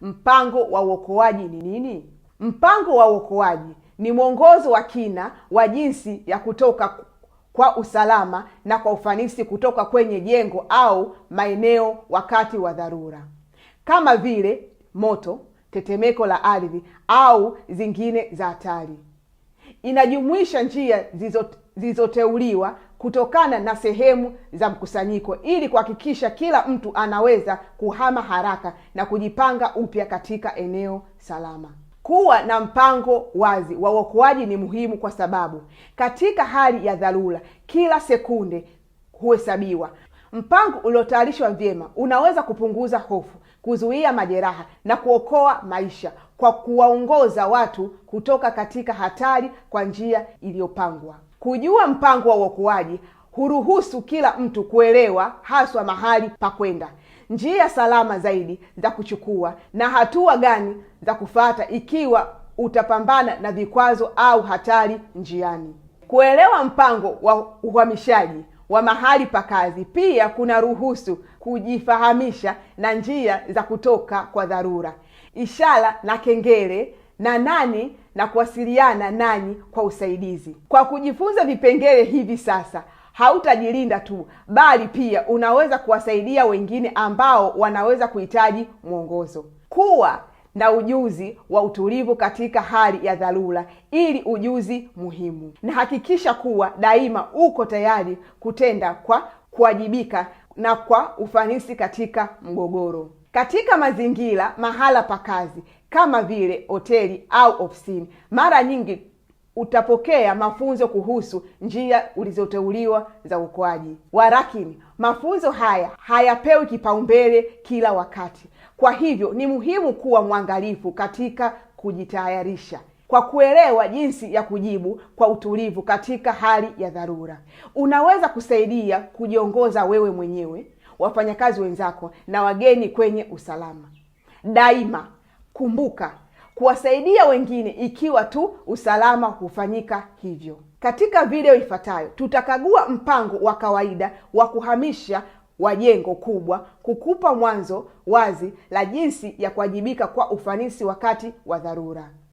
Mpango wa uokoaji ni nini? Mpango wa uokoaji ni mwongozo wa kina wa jinsi ya kutoka kwa usalama na kwa ufanisi kutoka kwenye jengo au maeneo wakati wa dharura kama vile moto, tetemeko la ardhi au zingine za hatari. Inajumuisha njia zilizoteuliwa kutokana na sehemu za mkusanyiko ili kuhakikisha kila mtu anaweza kuhama haraka na kujipanga upya katika eneo salama. Kuwa na mpango wazi wa uokoaji ni muhimu kwa sababu katika hali ya dharura kila sekunde huhesabiwa. Mpango uliotayarishwa vyema unaweza kupunguza hofu, kuzuia majeraha na kuokoa maisha kwa kuwaongoza watu kutoka katika hatari kwa njia iliyopangwa. Kujua mpango wa uokoaji huruhusu kila mtu kuelewa haswa mahali pa kwenda, njia salama zaidi za kuchukua na hatua gani za kufata ikiwa utapambana na vikwazo au hatari njiani. Kuelewa mpango wa uhamishaji wa mahali pa kazi pia kuna ruhusu kujifahamisha na njia za kutoka kwa dharura, ishara na kengele na nani na kuwasiliana nani kwa usaidizi. Kwa kujifunza vipengele hivi sasa, hautajilinda tu, bali pia unaweza kuwasaidia wengine ambao wanaweza kuhitaji mwongozo. Kuwa na ujuzi wa utulivu katika hali ya dharura, ili ujuzi muhimu, na hakikisha kuwa daima uko tayari kutenda kwa kuwajibika na kwa ufanisi katika mgogoro katika mazingira mahala pa kazi kama vile hoteli au ofisini. Mara nyingi utapokea mafunzo kuhusu njia ulizoteuliwa za uokoaji. Warakini, mafunzo haya hayapewi kipaumbele kila wakati, kwa hivyo ni muhimu kuwa mwangalifu katika kujitayarisha kwa kuelewa jinsi ya kujibu kwa utulivu katika hali ya dharura. Unaweza kusaidia kujiongoza wewe mwenyewe wafanyakazi wenzako na wageni kwenye usalama. Daima kumbuka kuwasaidia wengine ikiwa tu usalama hufanyika hivyo. Katika video ifuatayo tutakagua mpango wa kawaida wa kuhamisha wa jengo kubwa kukupa mwanzo wazi la jinsi ya kuwajibika kwa ufanisi wakati wa dharura.